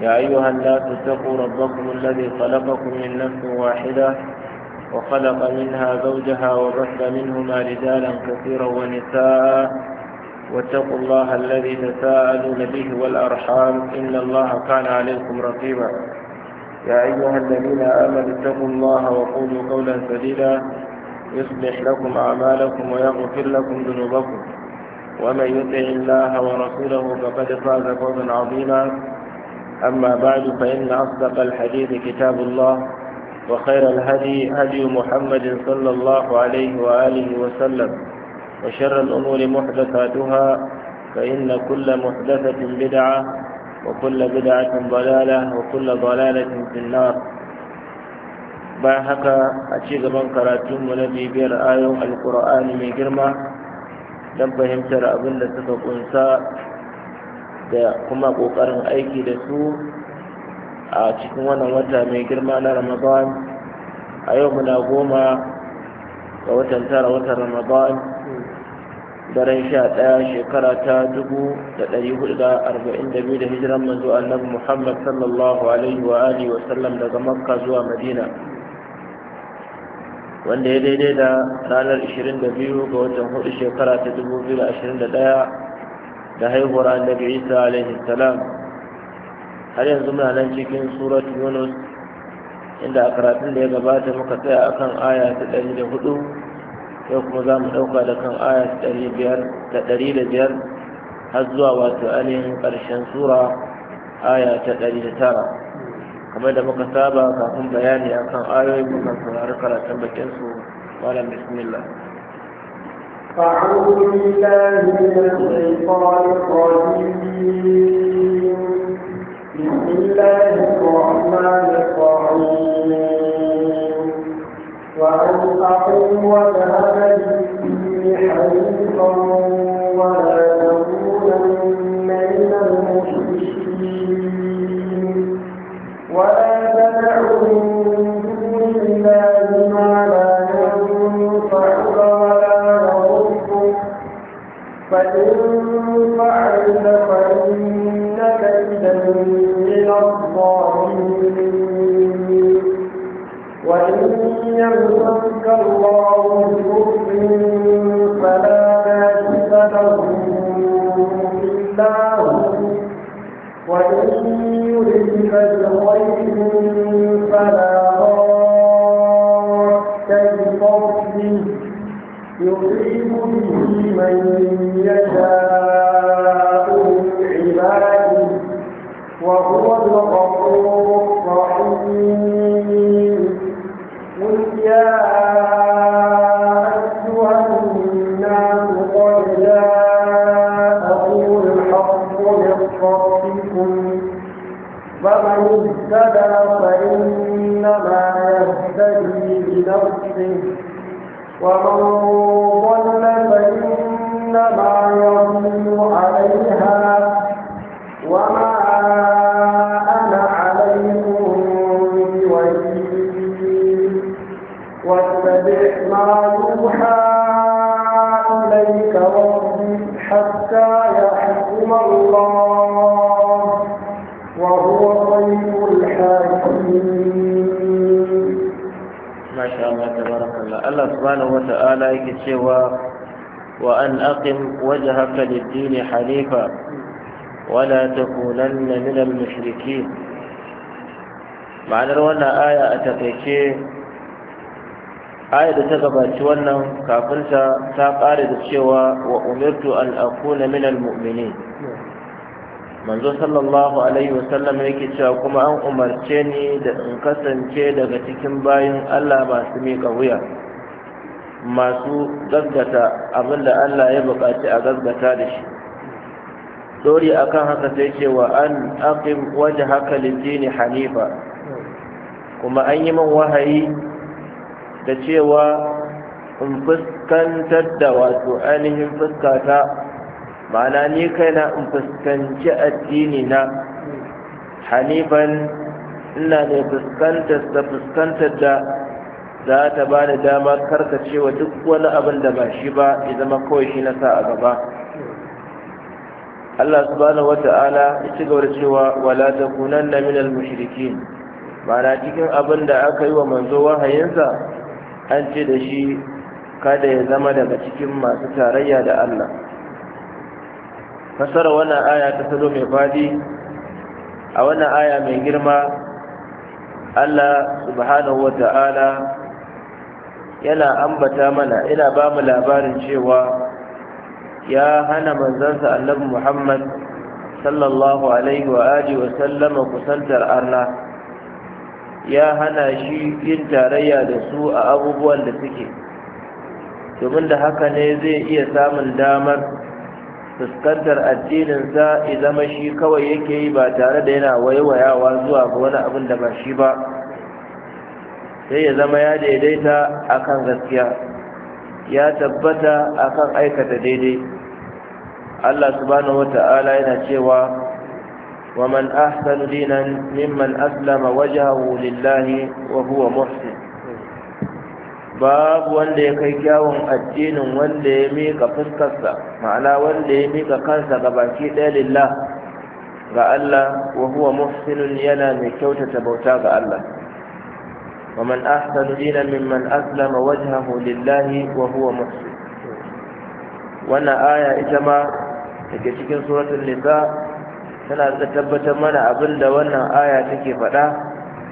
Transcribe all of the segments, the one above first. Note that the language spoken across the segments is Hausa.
يا أيها الناس اتقوا ربكم الذي خلقكم من نفس واحدة وخلق منها زوجها وبث منهما رجالا كثيرا ونساء واتقوا الله الذي تساءلون به والأرحام إن الله كان عليكم رقيبا يا أيها الذين آمنوا اتقوا الله وقولوا قولا سديدا يصلح لكم أعمالكم ويغفر لكم ذنوبكم ومن يطع الله ورسوله فقد فاز فوزا عظيما أما بعد فإن أصدق الحديث كتاب الله وخير الهدي هدي محمد صلى الله عليه وآله وسلم وشر الأمور محدثاتها فإن كل محدثة بدعة وكل بدعة ضلالة وكل ضلالة في النار باهك أشيغ من كراتم ونبي بير آيو القرآن من جرمة لم فهمت أبن لتفق أنساء da kuma ƙoƙarin aiki da su a cikin wannan wata mai girma na ramadan a yau muna goma ga watan tara watan ramadan daren sha ɗaya shekara ta dubu da ɗari hudu da arba'in da biyu da hijiran manzo annabi muhammad sallallahu alaihi wa alihi wa sallam daga makka zuwa madina wanda ya daidai da ranar da biyu ga watan hudu shekara ta dubu biyu da da ashirin ɗaya da haihuwar annabi isa alaihi salam har yanzu muna nan cikin surat yunus inda a karatun da ya gabata muka tsaya akan aya ta ɗari da hudu yau kuma za mu ɗauka da kan aya ta ɗari da biyar har zuwa wato ainihin ƙarshen sura aya ta ɗari da tara kamar da muka saba kafin bayani akan ayoyin muka saurari karatun bakinsu malam bismillah أعوذ بالله من الشيطان الرجيم بسم الله الرحمن الرحيم وأن أقم وذهب بالدين ولا تكونن من المشركين ولا تدع من دون الله ما فإن فعلت فإنك إذا من الظالمين وإن يمسك الله بكفر فلا كاشف له إلا هو وإن يردك بخير فلا راد يصيب به من يشاء من عباده وهو الغفور الرحيم قل يا أيها الناس قد جاءكم الحق من فمن اهتدى فإنما يهتدي لنفسه ومن ضل فإنما يضل عليها وما أنا عليكم واتبع ما يوحى Allah subhanahu wata'ala yake cewa wa an aqim wajhaka lid-din hanifa wala takunanna min al-mushrikeen ma'anar wannan aya a takaice aya da ta gabaci wannan kafin ta ta ƙara da cewa wa umirtu an akuna min al-mu'minin manzo sallallahu alaihi wasallam yake cewa kuma an umarce ni da in kasance daga cikin bayin Allah masu miƙa wuya masu gaggata da Allah ya buƙaci a gaggata da shi dori akan haka sai cewa an aqim wajhaka lid-dini hanifa kuma an yi min wahayi da cewa in fuskantar da wato ainihin fuskata ma'ana ni kaina in fuskanci addini na hanifan ina ne fuskantar da fuskantar da za ta ba da dama karkacewa duk wani abin da ba shi ba ya zama kawai shi na sa a gaba Allah subhanahu wata'ala ya ci gaba da cewa wala na minal mushrikin na cikin abin da aka yi wa manzo wahayinsa an ce da shi kada ya zama daga cikin masu tarayya da Allah fasara wannan aya ta salo mai fadi a wannan aya mai girma Allah subhanahu wata'ala yana ambata mana ina ba mu labarin cewa ya hana manzansa annabi Muhammad sallallahu alaihi wa wa sallama kusantar allah ya hana shi yin tarayya da su a abubuwan da suke domin da haka ne zai iya samun damar fuskantar addininsa izama shi kawai yake yi ba tare da yana waiwayawa zuwa ga wani abin da ba shi ba sai ya zama ya daidaita akan gaskiya ya tabbata a kan aikata daidai Allah subhanahu wata'ala yana cewa wa man ahsanu dinan mimman aslama wajhahu lillahi wa huwa muhsin babu wanda ya kai kyawun addinin wanda ya mika fuskarsa ma'ana wanda ya mika kansa ga baki ɗaya lillah ga Allah wa huwa muhsinun yana mai kyautata bauta ga Allah ومن أحسن دينا ممن أسلم وجهه لله وهو محسن wannan aya ita ma take cikin suratul nisa tana tabbatar mana abin da wannan aya take faɗa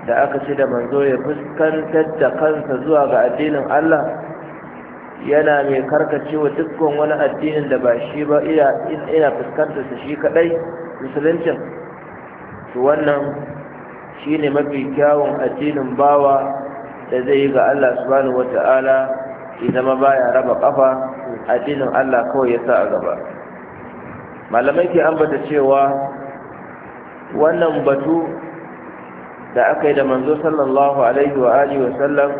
da aka ce da manzo ya fuskantar da kansa zuwa ga addinin Allah yana mai karkacewa dukkan wani addinin da ba shi ba ina fuskantar shi kadai musuluncin su wannan Shi ne mafi kyawun addinin bawa da zai yi ga Allah subhanahu wata'ala ya zama baya raba kafa addinin Allah kawai ya sa a gaba malamai ke ambata cewa wannan batu da aka yi da manzo sallallahu alaihi wa alihi wa sallam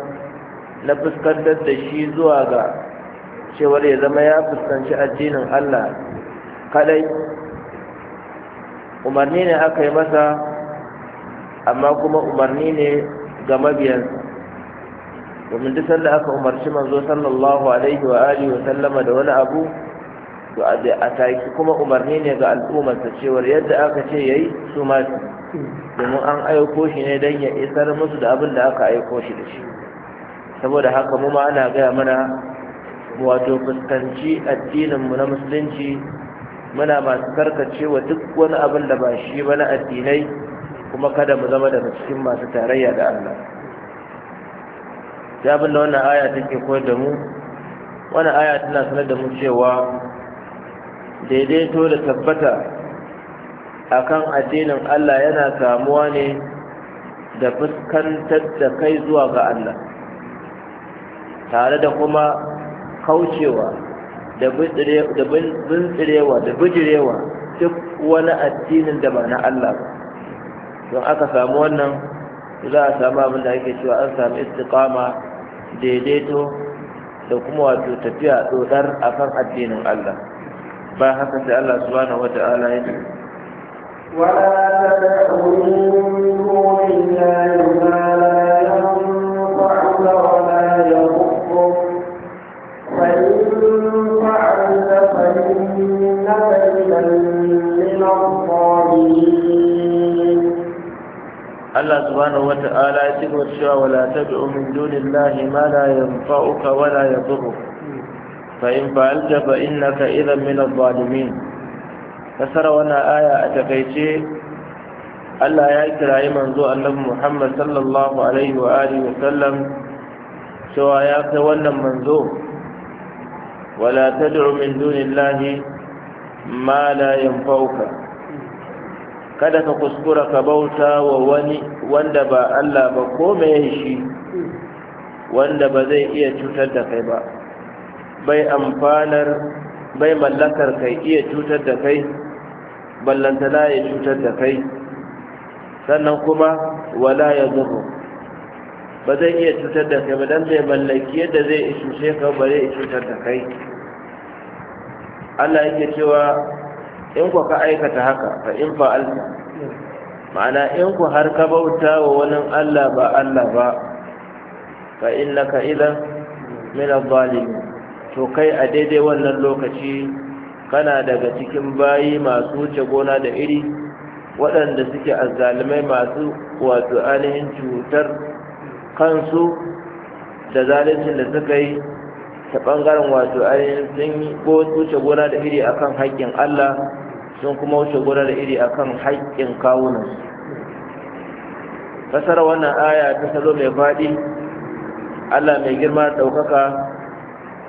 na fuskantar da shi zuwa ga cewar ya zama ya fuskanci addinin Allah kadai umarni ne aka yi masa amma kuma umarni ne ga mabiyansa domin duk sanda aka umarci manzo sallallahu alaihi wa alihi wa sallama da wani abu to a taki kuma umarni ne ga al'ummarsa cewar yadda aka ce yayi su ma domin an aiko shi ne don ya isar musu da abin da aka aiko shi da shi saboda haka mu ma ana gaya mana wato fuskanci mu na musulunci muna masu karkacewa duk wani abin da ba shi ba na addinai kuma kada mu zama daga cikin masu tarayya da Allah ya abin da wannan aya take koyar da mu wannan aya tana sanar da mu cewa daidaito da tabbata akan addinin Allah yana samuwa ne da fuskantar da kai zuwa ga Allah tare da kuma kaucewa da bintsirewa da bijirewa duk wani addinin da ba na Allah ba don aka samu wannan za a samu abin da ake cewa an samu istiqama daidaito da kuma wato tafiya dodar akan addinin Allah ba haka sai Allah subhanahu ta'ala ya ولا تدعوا من دون الله ما لا ينفعك ولا يضرك فإن فعلت فإنك إذا من الظالمين Allah subhanahu wata'ala ya cigaba da cewa wala tabi'u min dunillahi ma la yanfa'uka wa la yadurruka fa in fa'alta fa innaka idhan min adh-dhalimin kasara wannan aya a takaice Allah ya kirayi manzo Annabi Muhammad sallallahu alaihi wa alihi wa sallam cewa ya kai wannan manzo wala tad'u min dunillahi ma la yanfa'uka kada ka kuskura ka bauta wa wani wanda ba Allah ba ko mai shi wanda ba zai iya cutar da kai ba bai amfanar bai mallakar kai iya cutar da kai ballantana ya cutar da kai sannan kuma wala ya zuhu ba zai iya cutar da kai ba don zai mallaki yadda zai ishe ka ba zai cutar da kai Allah yake cewa in ku ka aikata haka fa in fa'alta ma'ana in ku har ka bauta wa wani Allah ba Allah ba fa innaka idan min adh-dhalimin to kai a daidai wannan lokaci kana daga cikin bayi masu wuce gona da iri waɗanda suke azzalimai masu wato ainihin cutar kansu da zalincin da suka yi ta ɓangaren wato ainihin sun yi wuce gona da iri a kan haƙƙin Allah sun kuma wuce gona da iri a kan haƙƙin kawunan kasar wannan aya ta salo mai faɗi Allah mai girma ɗaukaka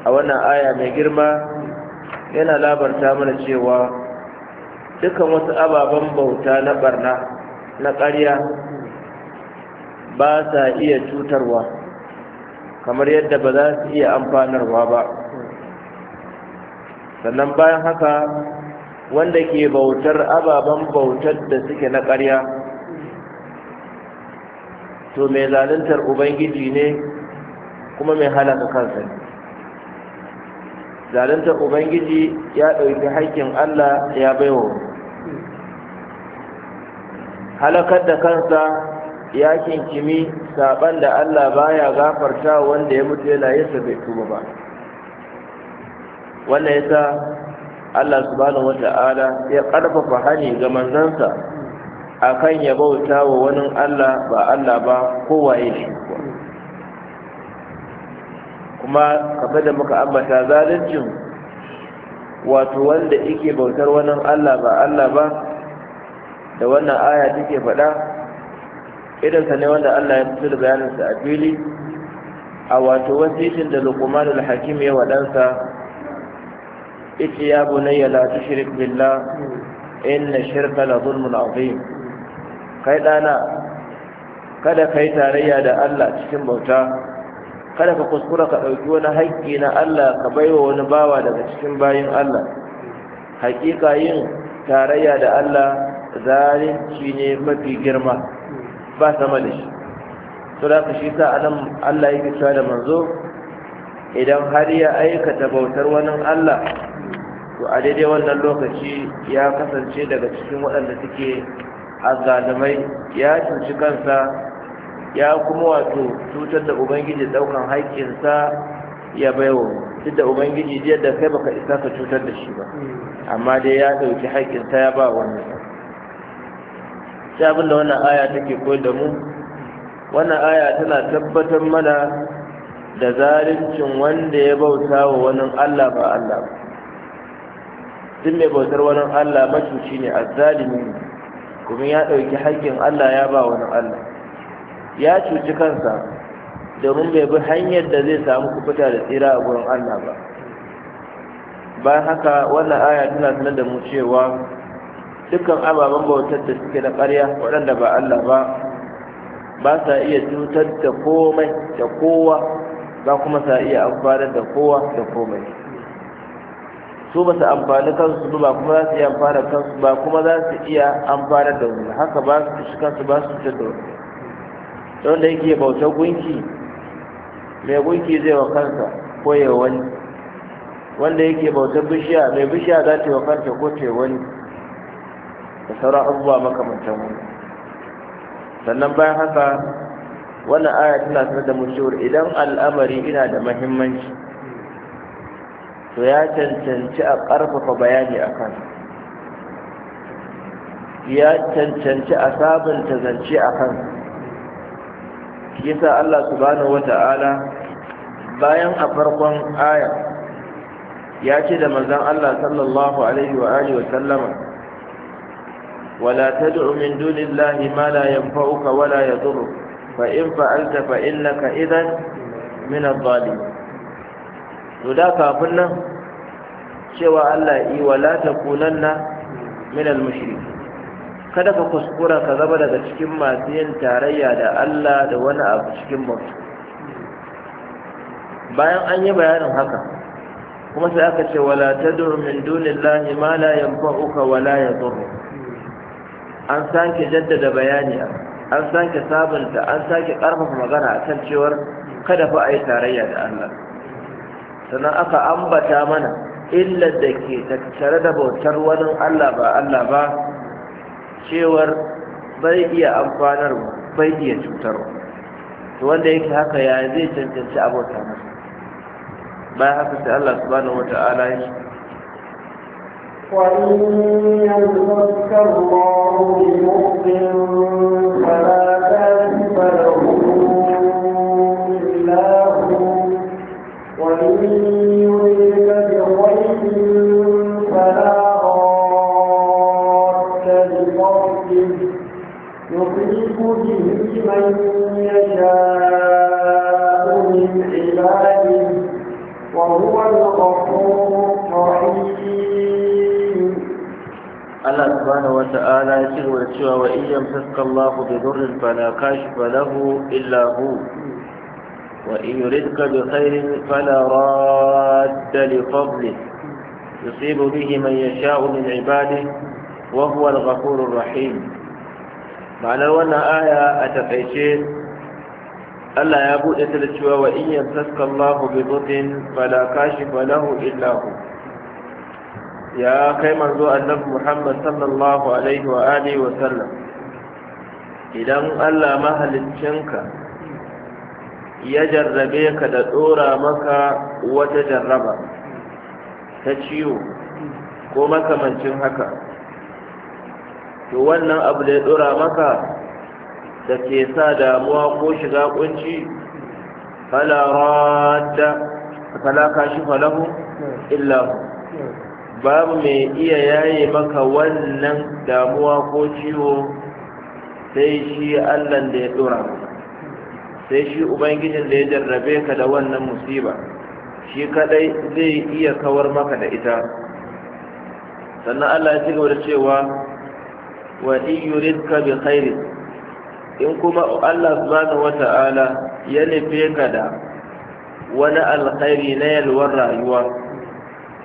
a wannan aya mai girma yana labarta mana cewa dukkan wasu ababen bauta na na ƙarya ba sa iya cutarwa kamar yadda ba za su iya amfanarwa ba sannan bayan haka wanda ke bautar ababen bautar da suke na ƙarya to mai zaluntar ubangiji ne kuma mai halaka kansa ne zaluntar ubangiji ya ɗauki haƙƙin allah ya baiwa halakar da kansa ya kinkimi saban da Allah baya gafarta wanda ya mutu yana yin sa bai tuba ba wannan yasa Allah subhanahu wata'ala ya karfafa hani ga manzansa akan ya bauta wa wani Allah ba Allah ba kowaye ne. kuma kafa da muka ambata zaluncin wato wanda yake bautar wani Allah ba Allah ba da wannan aya take faɗa irinsa ne wanda Allah ya fito da bayaninsa a fili a wato wasitin da al hakim ya wadansa ita ya bunayya la tushrik billah inna shirka la zulmun azim kai dana kada kai tarayya da Allah cikin bauta kada ka kuskura ka ɗauki wani haƙƙi na Allah ka bai wa wani bawa daga cikin bayan Allah haƙiƙa yin tarayya da Allah zalunci ne mafi girma ba sama da shi to da ka shi sa anan Allah yake cewa da manzo idan har ya aikata bautar wani Allah to a daidai wannan lokaci ya kasance daga cikin waɗanda suke azzalumai ya cuci kansa ya kuma wato cutar da ubangiji daukan haƙƙinsa ya baiwa duk da ubangiji jiyar da kai baka isa ka cutar da shi ba hmm. amma dai ya ɗauki haƙƙinsa ya ba wannan sai abin da wannan aya take koyar da mu wannan aya tana tabbatar mana da zalincin wanda ya bauta wa wani Allah ba Allah ba duk mai bautar wani Allah macuci ne azzalimi ne kuma ya ɗauki haƙƙin Allah ya ba wani Allah ya cuci kansa domin bai bi hanyar da zai samu kufuta da tsira a gurin Allah ba bayan haka wannan aya tana sanar da mu cewa dukkan ababen bautar da suke da ƙarya waɗanda ba Allah ba ba sa iya cutar da komai da kowa ba kuma sa iya amfani da kowa da komai su ba su amfani kansu ba kuma za su iya amfani kansu ba kuma za su iya amfani da wani haka ba su shi kansu ba su cutar da wani don da yake bauta gunki mai gunki zai wa kansa ko ya wani wanda yake bautar bishiya mai bishiya za ta yi wa kanta ko ta yi wani da sauran abubuwa makamantan wani sannan bayan haka wannan aya tana sanar da mu idan al'amari ina da mahimmanci to ya cancanci a ƙarfafa bayani a kan ya cancanci a sabunta zance a kan yasa Allah subhanahu wata'ala bayan a farkon aya ya ce da manzon Allah sallallahu alaihi wa alihi wa sallama ولا تدع من دون الله ما لا ينفعك ولا يضرك فإن فعلت فإنك إذا من الظالمين ودا كافرنا cewa Allah yi wala takunanna min al kada ka kuskura ka zama daga cikin masu yin tarayya da Allah da wani abu cikin mutu bayan an yi bayanin haka kuma sai aka ce wala tad'u min dunillahi ma la yanfa'uka wa la yadhurruka an sake jaddada bayani an sake sabunta an sake karfafa magana a kan cewar kada fa a yi tarayya da Allah sannan aka ambata mana illar da ke tattare da bautar wani Allah ba Allah ba cewar bai iya amfanarwa bai iya cutarwa to wanda yake haka ya zai cancanci abota masa bayan haka sai Allah subhanahu wata'ala ya وإن يمسك الله بمؤمن فلا كاتب له إلا هو وإن يريد بخير فلا راد لفضله يصيب به من يشاء Allah subhanahu wata'ala ya ci gaba da cewa wa in yamsaka Allah bi dhurrin fala kashifa lahu illa hu wa in yuridka bi khairin fala radda li fadlihi yusibu bihi man yasha'u min ibadihi wa huwa al-ghafurur rahim Ma'ana wannan aya a takaice Allah ya buɗe ta da cewa wa in yamsaka Allah bi dhurrin fala kashifa lahu illa hu ya kai manzo annabi Muhammad sallallahu alaihi wa wa sallam idan Allah mahaliccinka ya jarrabe ka da dora maka wata jarraba ta ciwo ko makamancin haka to wannan abu da ya dora maka da ke sa damuwa ko shiga kunci fala radda fala kashifa lahu illa babu mai iya yaye maka wannan damuwa ko ciwo sai shi allan da ya dora sai shi ubangijin da ya jarrabe ka da wannan musiba shi kadai zai iya kawar maka da ita sannan allah ya cigaba da cewa wa in yuridka bi khairin in kuma allah subhanahu ta'ala ya nufe ka da wani alkhairi na yalwar rayuwa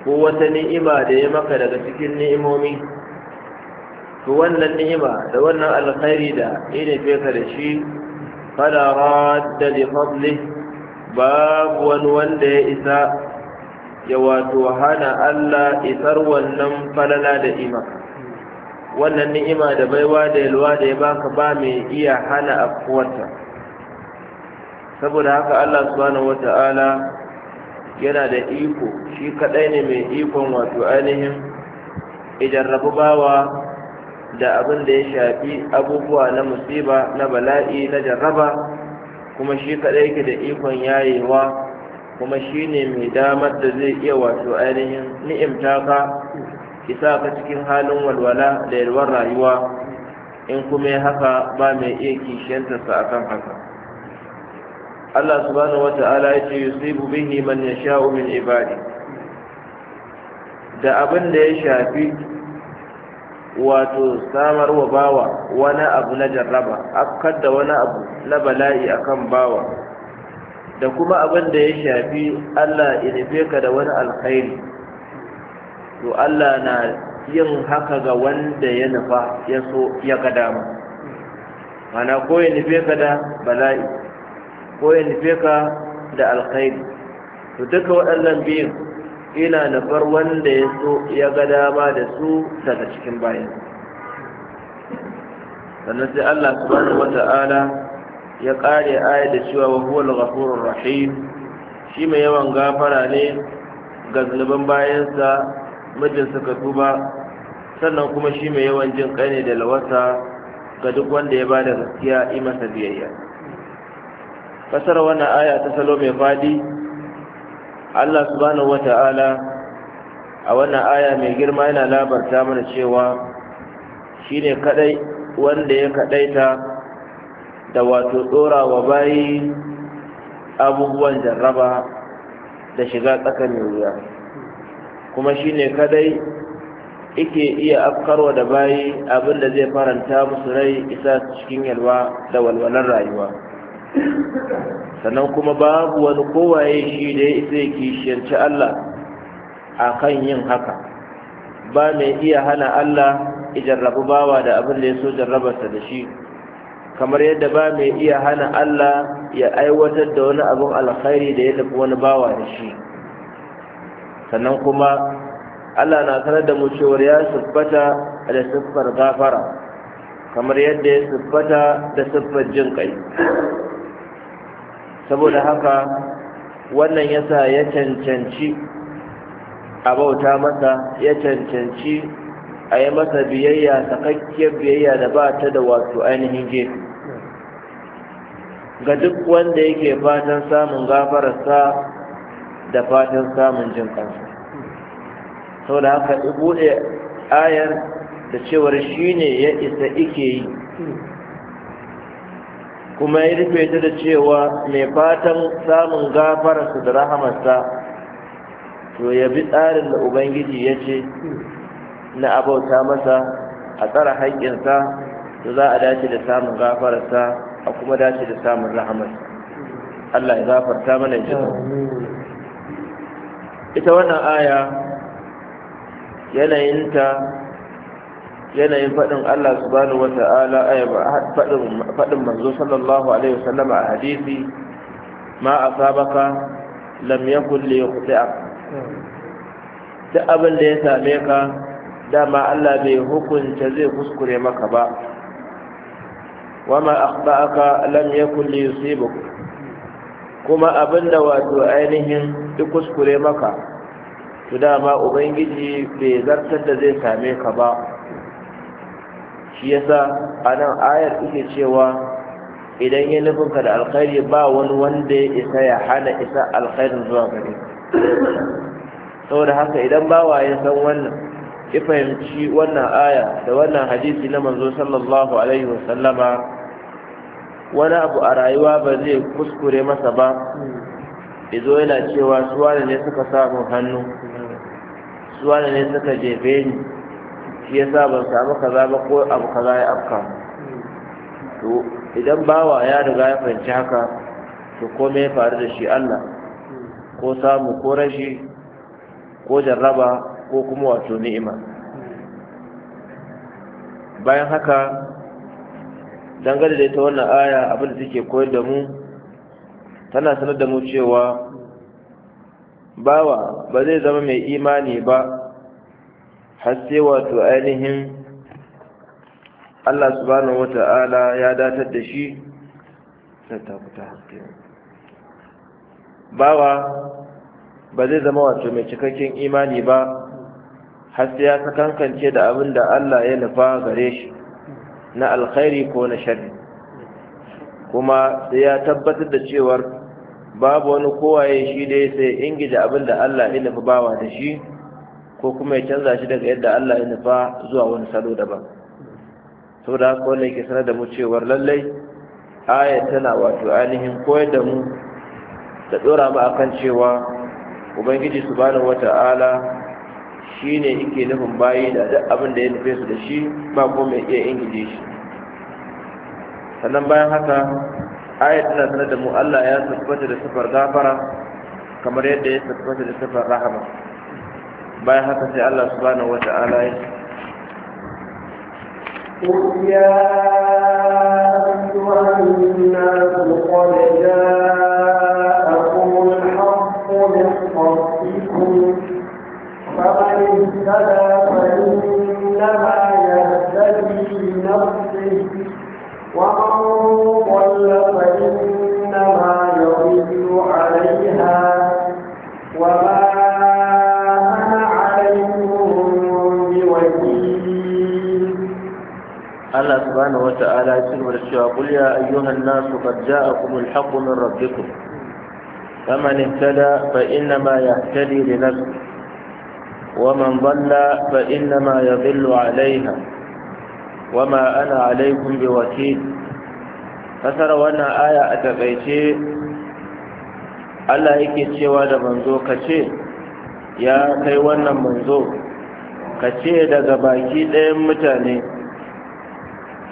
ko wata ni'ima da ya maka daga cikin ni'imomi to wannan ni'ima da wannan alkhairi da ina nufe da shi fala radda li fadlih babu wani wanda ya isa ya wato hana Allah isar wannan falala da ima wannan ni'ima da baiwa da yalwa da ya baka ba mai iya hana afkuwarta saboda haka Allah subhanahu wata'ala yana da iko shi kadai ne mai ikon wato ainihin rabu bawa da abin da ya shafi abubuwa na musiba na bala'i na jarraba kuma shi kadai yake da ikon yayewa kuma shi ne mai damar da zai iya wato ainihin ni'imta ka isa ka cikin halin walwala da yalwar rayuwa in kuma haka ba mai iya kishiyantarsa akan haka Allah subhanahu ta'ala ya ce yusibu bihi man yasha'u min ibadi da abin da ya shafi wato samar wa bawa wani abu na jarraba akkar da wani abu na bala'i akan bawa da kuma abin da ya shafi Allah ya ka da wani alkhairi to Allah na yin haka ga wanda ya nufa ya so ya ga dama mana ko ya bai ka da bala'i ko ya nufe da alkhairi to duka waɗannan biyun ina nufar wanda ya so ya ga dama da su daga cikin bayan sannan sai Allah subhanahu wata'ala ya ƙare ayat da cewa wa huwa al-ghafurur rahim shi mai yawan gafara ne ga zunuban bayansa mijin suka tuba sannan kuma shi mai yawan jin ƙai ne da lawasa ga duk wanda ya bada gaskiya yi masa biyayya fasara wannan aya ta salo mai fadi Allah subhanahu wata'ala a wannan aya mai girma yana labarta mana cewa shine kadai wanda ya kadaita da wato dora wa bayi abubuwan jarraba da shiga tsakanin wuya kuma shine kadai yake iya afkarwa da bayi abinda zai faranta musu rai isa cikin yalwa da walwalar rayuwa sannan kuma babu wani kowaye shi da ya kishiyanci kishiyarci Allah a kan yin haka ba mai iya hana Allah ijarrabu bawa da abin da ya so jarrabarsa da shi kamar yadda ba mai iya hana Allah ya aiwatar da wani abin alkhairi da ya tafi wani bawa da shi sannan kuma Allah na sanar da mu cewar ya siffata da siffar gafara kamar yadda ya siffata da siffar jin kai saboda haka wannan yasa ya cancanci a bauta masa ya cancanci a yi masa biyayya sakakkiyar biyayya da ba ta da wato ainihin gefe ga duk wanda yake fatan samun gafararsa da fatan samun jin kansa sau da haka buɗe ayar da cewar shi ne ya isa ike yi kuma ya rufe ta da cewa mai fatan samun gafararsa da rahamarsa to ya bi tsarin da ubangiji ya ce na abauta masa a tsara haƙƙinsa to za a dace da samun gafararsa a kuma dace da samun rahamarsa Allah ya gafarta mana ji ita wannan aya yanayinta yanayin faɗin Allah subhanahu wa ta'ala eh, faɗin manzo sallallahu alaihi wasallam a hadisi ma asabaka lam yakun li yuqti'ak Ta abin da ya same ka dama Allah bai hukunta zai kuskure maka ba wama akhta'aka lam yakun li yusibuk kuma abinda wato ainihin duk kuskure maka to dama ubangiji bai zartar da zai same ka ba shi yasa a nan ayar ike cewa idan ya nufinka da alkhairi ba wani wanda ya isa ya hana isa alkhairin zuwa gare saboda haka idan bawa ya san wannan ya fahimci wannan aya da wannan hadisi na manzo sallallahu alaihi wasallama wani abu a rayuwa ba zai kuskure masa ba izo yana cewa suwa ne suka samun hannu suwa ne suka jefe ni shi yasa ban samu kaza ba ko abu kaza ya afka to idan bawa ya riga ya fahimci haka to kome ya faru da shi Allah ko samu ko rashi ko jarraba ko kuma wato ni'ima bayan haka dangane da ita wannan aya abin da take koyar da mu tana sanar da mu cewa bawa ba zai zama mai imani ba har wato ainihin Allah subhanahu ta'ala ya datar da shi bawa ba zai zama wato mai cikakken imani ba har ya sakankance da abin da Allah ya nufa gare shi na alkhairi ko na sharri kuma sai ya tabbatar da cewar babu wani kowaye shi dai sai ingida abin da Allah ya nufa bawa da shi ko kuma ya canza shi daga yadda Allah ya nufa zuwa wani salo daban saboda haka wannan yake sanar da mu cewar lallai aya tana wato ainihin koyar da mu da dora mu akan cewa ubangiji subhanahu wata'ala shine yake nufin bayi da duk abin da ya nufe su da shi ba ko mai iya ingije shi sannan bayan haka aya tana sanar da mu Allah ya tabbata da sifar gafara kamar yadda ya tabbata da sifar rahama bayan haka sai سبحانه وتعالى wata'ala ya يا أيها الناس قد جاءكم الحق من ربكم فمن اهتدى فإنما يهتدي لنفسه ومن ضل فإنما subhanahu wata'ala ya cigaba da cewa qul ya ayyuhan nasu qad ja'akum al-haqqu min rabbikum faman ihtada ومن ضل فإنما يضل عليها وما أنا عليكم بوكيل fasara wannan aya a takaice Allah yake cewa da manzo ce. ya kai wannan manzo kace daga baki ɗayan mutane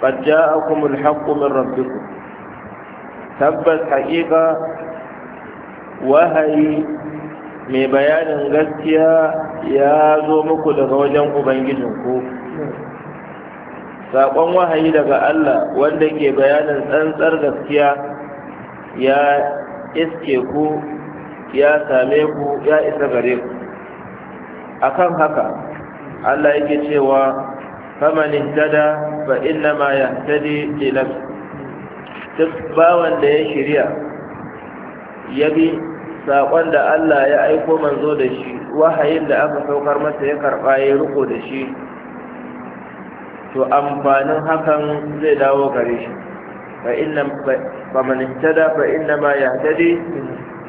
قد جاءكم الحق من ربكم tabbas haƙiƙa wahayi mai bayanin gaskiya ya zo muku daga wajen ubangijinku saƙon wahayi daga Allah wanda ke bayanin tsantsar gaskiya ya iske ku ya same ku ya isa gare ku akan haka Allah yake cewa faman ihtada fa inna ma yahtadi li duk bawan da ya shirya ya bi saƙon da Allah ya aiko manzo da shi wahayin da aka saukar masa ya karɓa ya riko da shi to amfanin hakan zai dawo gare shi fa inna fa man ihtada fa inna ma yahtadi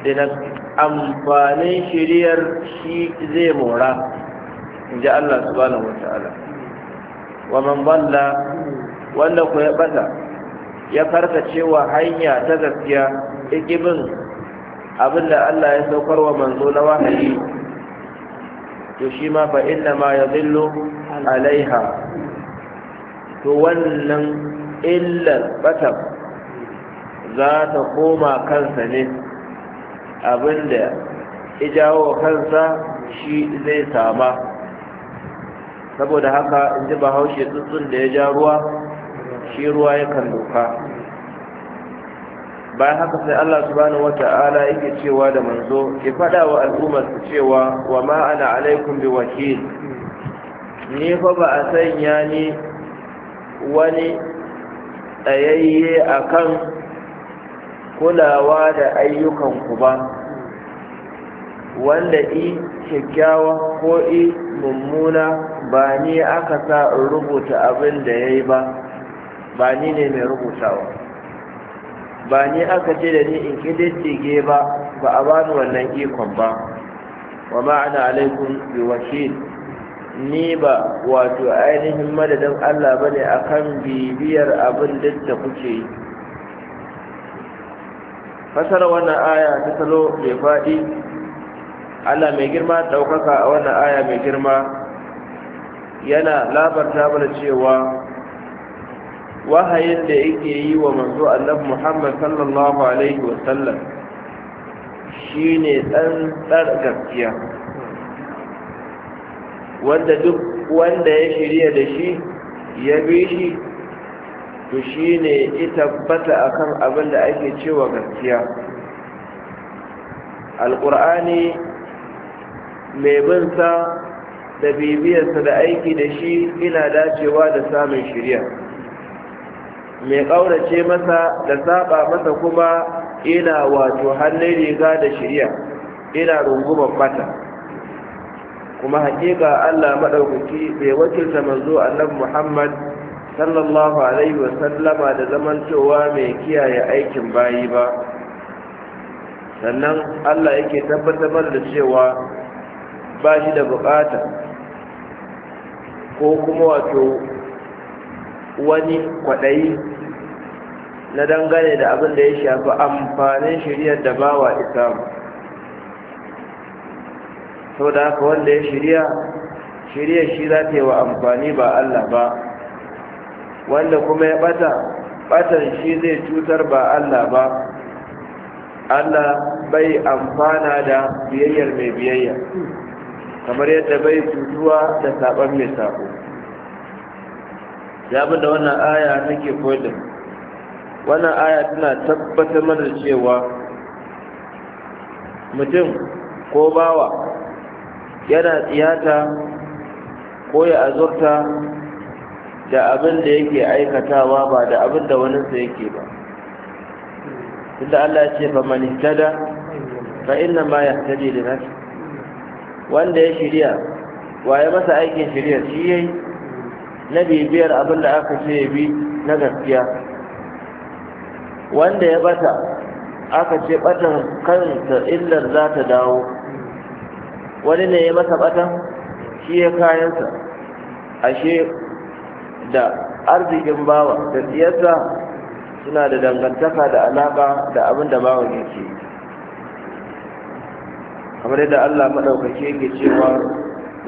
dinan amfanin shiriyar shi zai mora inji Allah subhanahu wataala wa man balla wanda ku ya bata ya farka cewa hanya ta gaskiya ikibin abinda Allah ya saukar wa manzo na wahayi to shi ma fa inna ma yadhillu alaiha to wannan illar bata za ta koma kansa ne abinda ijawo kansa shi zai sama saboda haka in ji bahaushe tsuntsun da ya ja ruwa shi ruwa yakan doka bayan haka sai Allah subhanahu wata'ala yake cewa da manzo ya fada wa al'ummar su cewa wa ma ana alaikum bi wakil ni fa ba a sanya ni wani tsayayye a kan kulawa da ayyukan ku ba wanda i kyakkyawa ko i mummuna ba ni aka sa in rubuta abin da ya yi ba ba ni ne mai rubutawa ba ni aka ce da ni in kididdige ba ba a bani wannan ikon ba wa ma'ana alaikun bi wakil ni ba wato ainihin madadin Allah bane akan bibiyar abin da kuke yi Fasar wannan aya ta salo mai faɗi Allah mai girma ɗaukaka a wannan aya mai girma yana labarta mana cewa wahayin da yake yi wa manzo annabi Muhammad sallallahu alaihi wasallam shine dan dar gaskiya wanda duk wanda ya shirya da shi ya bi shi to shine ya tabbata akan abin da ake cewa gaskiya alqur'ani mai bin sa da bibiyarsa da aiki da shi ina dacewa da samun shirya mai ƙaurace masa da saba masa kuma ina wato hannun riga da shirya ina rungumar mata kuma hakika Allah maɗaukaki bai wakilta manzo annabi Muhammad sallallahu alaihi wa sallama da zamantowa mai kiyaye aikin bayi ba sannan Allah yake tabbatar da cewa ba shi da bukata ko kuma wato wani kwaɗayi na dangane da abin da ya shafi amfanin shiriyar da ba wa isamu sau da haka wanda ya shirya shiriyar shi za ta yi wa amfani ba Allah ba wanda kuma ya ɓata ɓatan shi zai cutar ba Allah ba Allah bai amfana da biyayyar mai biyayya kamar yadda bai tutuwa da sabon mai sabo. ya da wannan aya nake koyar wannan aya tana tabbatar mana cewa mutum ko bawa yana tsiyata ko ya azurta da abin da yake aikatawa ba da abin da waninsa yake ba tunda Allah ya ce fa manitada fa inna ma yahtadi li nasu. wanda ya shirya waye masa aikin shirya shi ya yi na bibiyar abin da aka ce bi na gaskiya wanda ya bata aka ce batan kansa illar za ta dawo wani ne ya masa batan shi ya kayansa ashe da arzikin bawa da siyasa suna da dangantaka da alaka da abin da bawa yi kamar yadda Allah madaukake yake cewa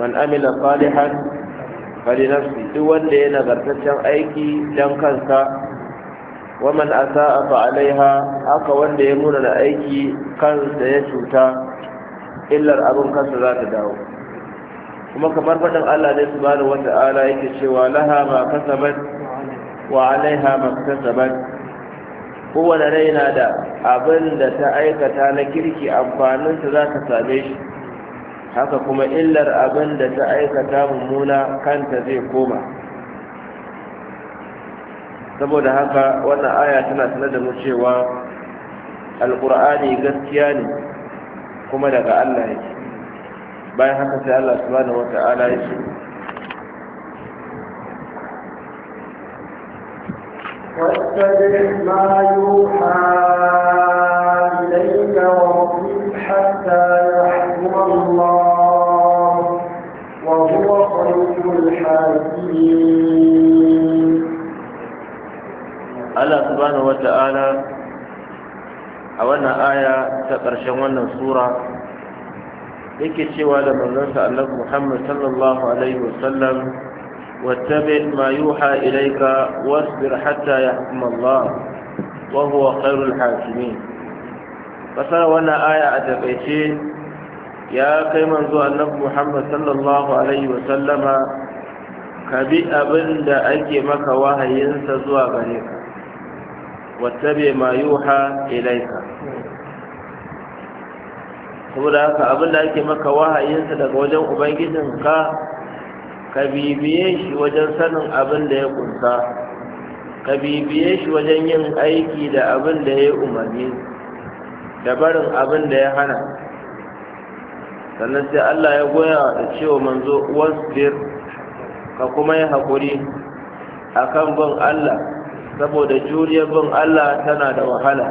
man amila salihan fali nafsi duk wanda ya nagartaccen aiki dan kansa wa man asa'a fa alaiha haka wanda ya nuna da aiki kansa ya cuta illar abin kansa za ta dawo kuma kamar faɗin Allah ne subhanahu wata'ala yake cewa laha ma kasabat wa alaiha ma kasabat kowane raina, da abin da ta aikata na kirki amfaninsa za ta same shi haka kuma illar abin da ta aikata mummuna kanta zai koma saboda haka wannan aya tana sanar da mu cewa alƙur'ani gaskiya ne kuma daga allah yake bayan haka sai allah subhanahu wata'ala ya ce واتبع ما يوحى إليك واصبر حتى يحكم الله وهو خير الحاكمين الله سبحانه وتعالى a wannan aya ta ƙarshen wannan sura yake cewa da manzansa Allah Muhammad sallallahu alaihi wasallam واتبع ما يوحى إليك واصبر حتى يحكم الله وهو خير الحاكمين فسر وانا آية أتبعيشي يا كيمن ذو النبي محمد صلى الله عليه وسلم كبي أبن أجي أكي وهي ينسى ذو غريك واتبع ما يوحى إليك saboda haka abin da ake maka wahayinsa daga wajen ubangijinka ka bibiye shi wajen sanin abin da ya kunsa ka bibiye shi wajen yin aiki da abin da ya umarni da barin abin da ya hana sannan sai Allah ya goya da cewa manzo wasbir ka kuma yi haƙuri akan bin Allah saboda juriyar bin Allah tana da wahala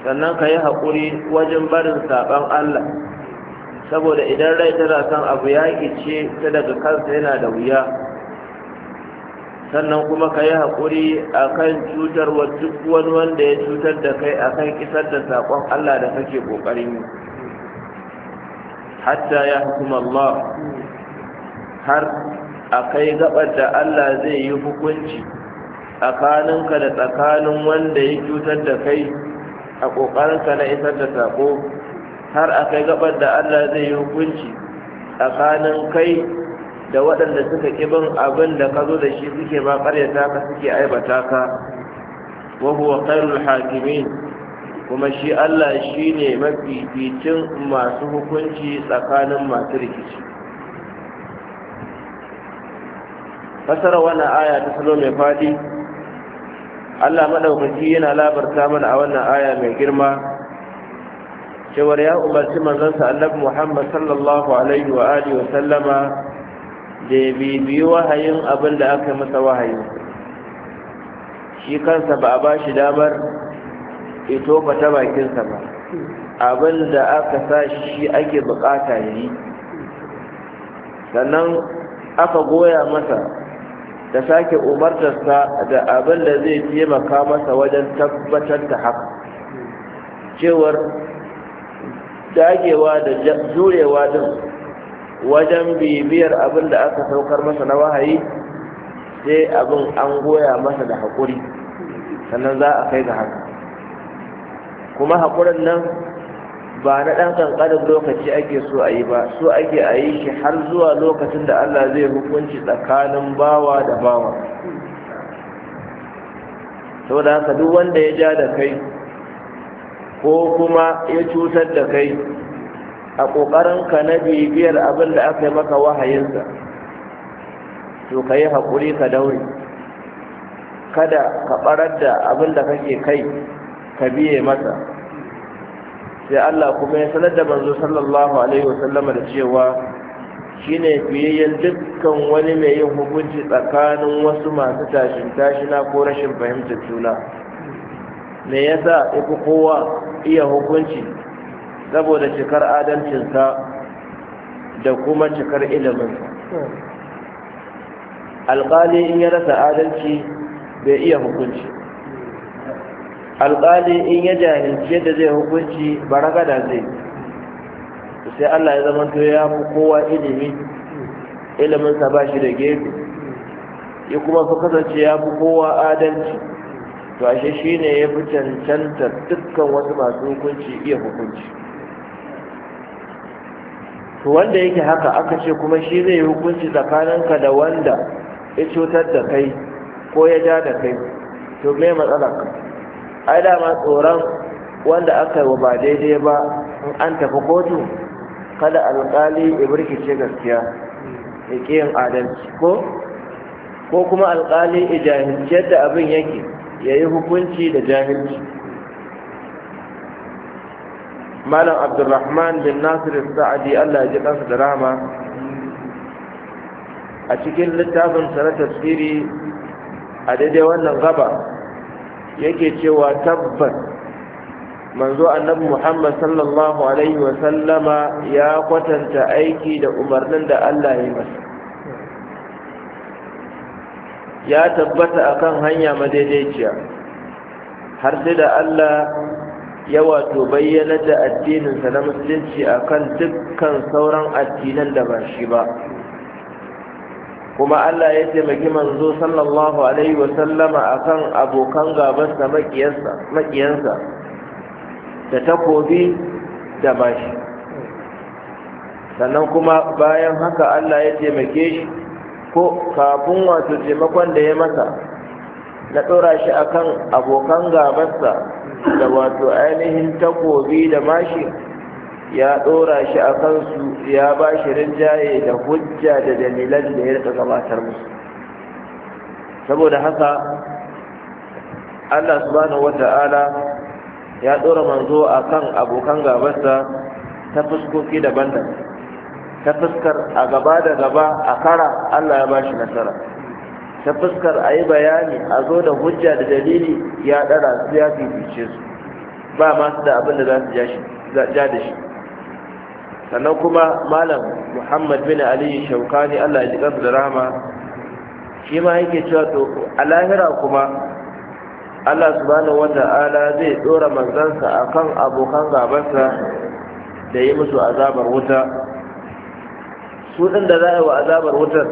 sannan ka yi haƙuri wajen barin saɓan Allah saboda idan rai tana son abu ya ce ta daga kansa yana da wuya sannan kuma ka yi haƙuri a kan cutarwa duk wani wanda ya cutar da kai a kan kisar da saƙon Allah da kake ƙoƙarin yi hatta ya hukuma Allah har a kai gabar da Allah zai yi hukunci tsakaninka da tsakanin wanda ya cutar da kai a ƙoƙarinka na isar da saƙo har akai gabar da Allah zai yi hukunci tsakanin kai da waɗanda suka ƙibin abin da ka zo da shi suke ma ƙaryata ka suke aibata ka wa huwa khairul hakimin kuma shi Allah shi shine mafificin masu hukunci tsakanin masu rikici fasara wannan aya ta salo mai fadi Allah maɗaukaki yana labarta mana a wannan aya mai girma cewar ya umarci manzansa annabi muhammad sallallahu alaihi wa alihi da ya bibiyi wahayin abin da aka masa wahayi shi kansa ba a ba shi damar ito ba ta bakinsa ba abin da aka sa shi ake bukata yi sannan aka goya masa da sake umartarsa da abin da zai taimaka masa wajen tabbatar da haka cewar dagewa da jurewa din wajen bibiyar abin da aka saukar masa na wahayi sai abin an goya masa da haƙuri sannan za a kai ga haka kuma haƙurin nan ba na ɗan ƙanƙanin lokaci ake so a yi ba so ake a yi shi har zuwa lokacin da allah zai hukunci tsakanin bawa da bawa sau da haka duk wanda ya ja da kai ko kuma ya cutar da kai a ƙoƙarin ka na bibiyar abin da aka yi maka wahayinsa to ka yi haƙuri ka daure kada ka ɓarar da abin da kake kai ka biye masa sai Allah kuma ya sanar da manzo sallallahu alaihi wasallama da cewa shine fiyayyen dukkan wani mai yin hukunci tsakanin wasu masu tashin tashina ko rashin fahimtar juna me yasa yafi kowa iya hukunci saboda cikar adalcinsa da kuma cikar iliminsa alƙali in ya rasa adalci bai iya hukunci alƙali in ya jahilci yadda zai hukunci ba ragada zai sai Allah ya zama to ya fi kowa ilimi iliminsa ba shi da gefe ya kuma fi kasance ya fi kowa adalci to ashe shi ne ya fi cancanta dukkan wasu masu hukunci iya hukunci to wanda yake haka aka ce kuma shi zai yi hukunci tsakaninka da wanda ya cutar da kai ko ya ja da kai to me ka? ai dama tsoron wanda aka yi wa ba daidai ba in an tafi kotu kada alƙali ya birkice gaskiya ya ƙi yin adalci ko kuma alƙali ya jahilci yadda abin yake ya yi hukunci da jahilci malam abdulrahman bin nasir sa'adi allah ya ji da rama. a cikin littafin sa na tafsiri a daidai wannan gaba yake cewa tabbas manzo annabi muhammad sallallahu alaihi wasallama ya kwatanta aiki da umarnin da allah ya masa ya tabbata akan hanya madaidaiciya har sai da Allah ya wato bayyana da addininsa na musulunci akan dukkan sauran addinan da ba shi ba kuma Allah ya taimaki manzo sallallahu alaihi wa sallama akan abokan gabansa makiyansa da takobi da bashi sannan kuma bayan haka Allah ya taimake shi ko kafin wato taimakon da ya masa na ɗora shi a kan abokan gabarsa da wato ainihin takobi da mashi ya ɗora shi a kansu ya ba shi rinjaye da hujja da dalilan da ya rika gabatar musu saboda haka allah subhanahu Ta'ala ya ɗora manzo a kan abokan gabarsa ta fuskoki daban-daban ta fuskar a gaba da gaba a kara Allah ya bashi nasara ta fuskar a yi bayani a zo da hujja da dalili ya ɗara su ya fifice su ba masu da abin da za su ja da shi sannan kuma malam muhammad bin aliyu shaukani Allah ya ji da rahama shi ma yake cewa to a lahira kuma Allah subhanahu wata'ala zai dora manzansa akan abokan gabansa da yi musu azabar wuta su da za a yi wa azabar wutar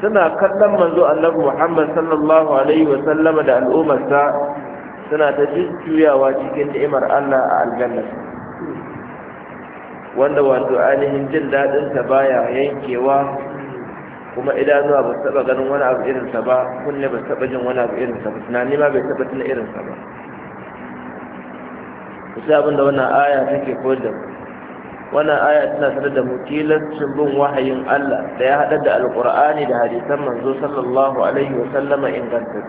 suna kallon manzo annabi muhammad sallallahu alaihi wa sallama da al'ummarsa suna ta juyawa cikin ni'imar allah a aljanna wanda wato ainihin jin daɗinsa baya yankewa kuma idanuwa ba su taɓa ganin wani abu irinsa ba kunne ba su taɓa jin wani abu irinsa ba tunani ma bai taɓa tuna irinsa ba kusa abin da wannan aya take koyar da mu wannan aya tana tare da mutilancin bin wahayin Allah da ya haɗa da alƙur'ani da hadisan manzo sallallahu alaihi wa sallama ingantattu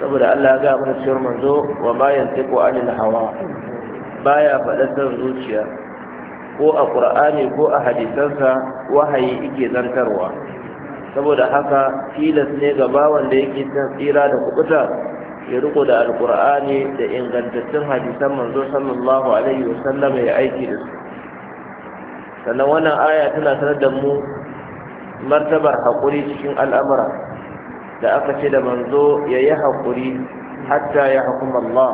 saboda Allah ya ga mana cewar manzo wa ma yantiqu anil hawa baya faɗa san zuciya ko a ƙur'ani ko a hadisansa wahayi yake zantarwa saboda haka tilas ne ga bawan da yake san tsira da kubuta ya riko da alkur'ani da ingantattun hadisan manzo sallallahu alaihi wasallam ya aiki da su sannan wannan aya tana sanar da mu martabar haƙuri cikin al'amura da aka ce da manzo ya yi haƙuri hatta ya hukuma Allah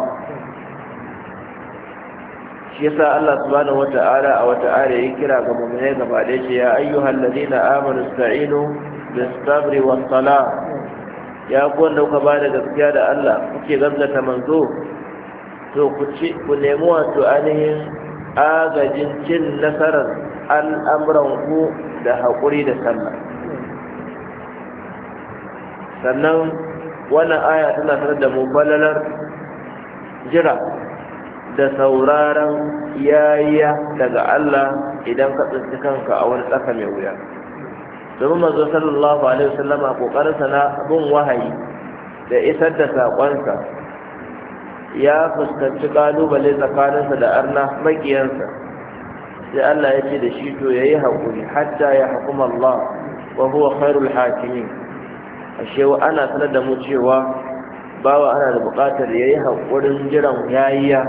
shi yasa Allah subhanahu wata'ala a wata aya ya kira ga mu'minai gaba ɗaya ce ya ayyuhal ladina amanu sta'inu bis sabri was salah ya kuwan wanda kuka ba da gaskiya da Allah kuke gaskata manzo to ku nemi wato ainihin agajin cin nasarar al'amuran ku da haƙuri da sallah sannan wannan aya tana sanar da mubalalar jira da sauraron yayya daga Allah idan ka tsinci kanka a wani tsaka mai wuya domin manzo sallallahu alaihi kokarinsa na bin wahayi da isar da saƙonsa ya fuskanci ƙalubale tsakaninsa da arna makiyansa sai Allah ya ce da shi to yayi haƙuri hatta ya haƙuma Allah wa huwa khairul hakimin ashe ana sanar da mu cewa bawa ana da buƙatar yayi haƙurin jiran yayiya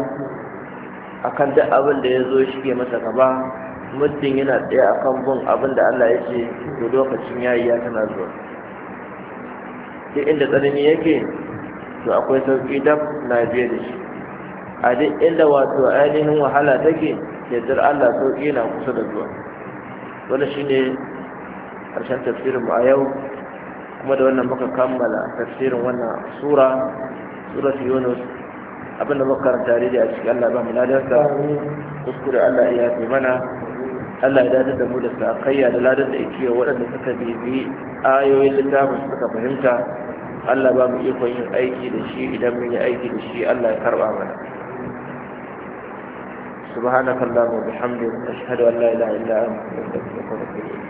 akan duk abin da ya zo shige masa gaba muddin yana tsaye a kan bin abin da Allah ya ce to lokacin yayi ya tana zuwa duk inda tsanani yake to akwai sauƙi dab na biye da shi a duk inda wato ainihin wahala take yaddar Allah sauƙi na kusa da zuwa wani shine ƙarshen tafsirin mu a yau kuma da wannan muka kammala tafsirin wannan sura sura yunus abinda muka karanta da a cikin Allah ba mu ladansa kuskure Allah ya fi mana Allah ya dadar da mu da sakayya da ladar da yake waɗanda suka bibi ayoyin littafin suka fahimta Allah ba mu ikon yin aiki da shi idan mun yi aiki da shi Allah ya karɓa mana subhanakallahumma wa bihamdika ashhadu an la ilaha illa anta astaghfiruka wa atubu ilayk